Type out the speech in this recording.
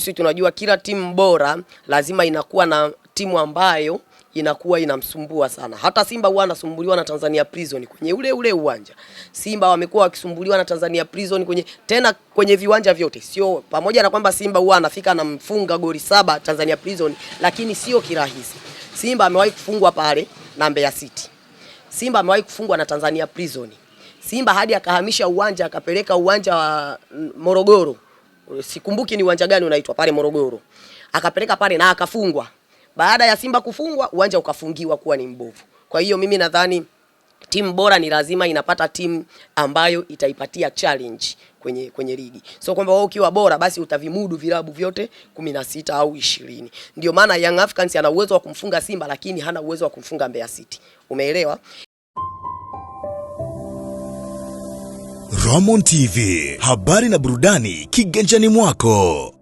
sisi tunajua kila timu bora lazima inakuwa na timu ambayo inakuwa inamsumbua sana. Hata Simba huwa anasumbuliwa na Tanzania Prison kwenye ule ule uwanja. Simba wamekuwa wakisumbuliwa na Tanzania Prison kwenye tena kwenye viwanja vyote, sio pamoja na kwamba Simba huwa anafika anamfunga goli saba Tanzania Prison, lakini sio kirahisi. Simba amewahi kufungwa pale na Mbeya City. Simba amewahi kufungwa na Tanzania Prison. Simba hadi akahamisha uwanja akapeleka uwanja wa Morogoro sikumbuki ni uwanja gani unaitwa pale Morogoro, akapeleka pale na akafungwa. Baada ya Simba kufungwa, uwanja ukafungiwa kuwa ni mbovu. Kwa hiyo mimi nadhani timu bora ni lazima inapata timu ambayo itaipatia challenge kwenye kwenye ligi. So kwamba wewe ukiwa bora basi utavimudu vilabu vyote 16 au ishirini. Ndio maana Young Africans ana uwezo wa kumfunga Simba lakini hana uwezo wa kumfunga Mbeya City. Umeelewa? Roman TV, habari na burudani kiganjani mwako.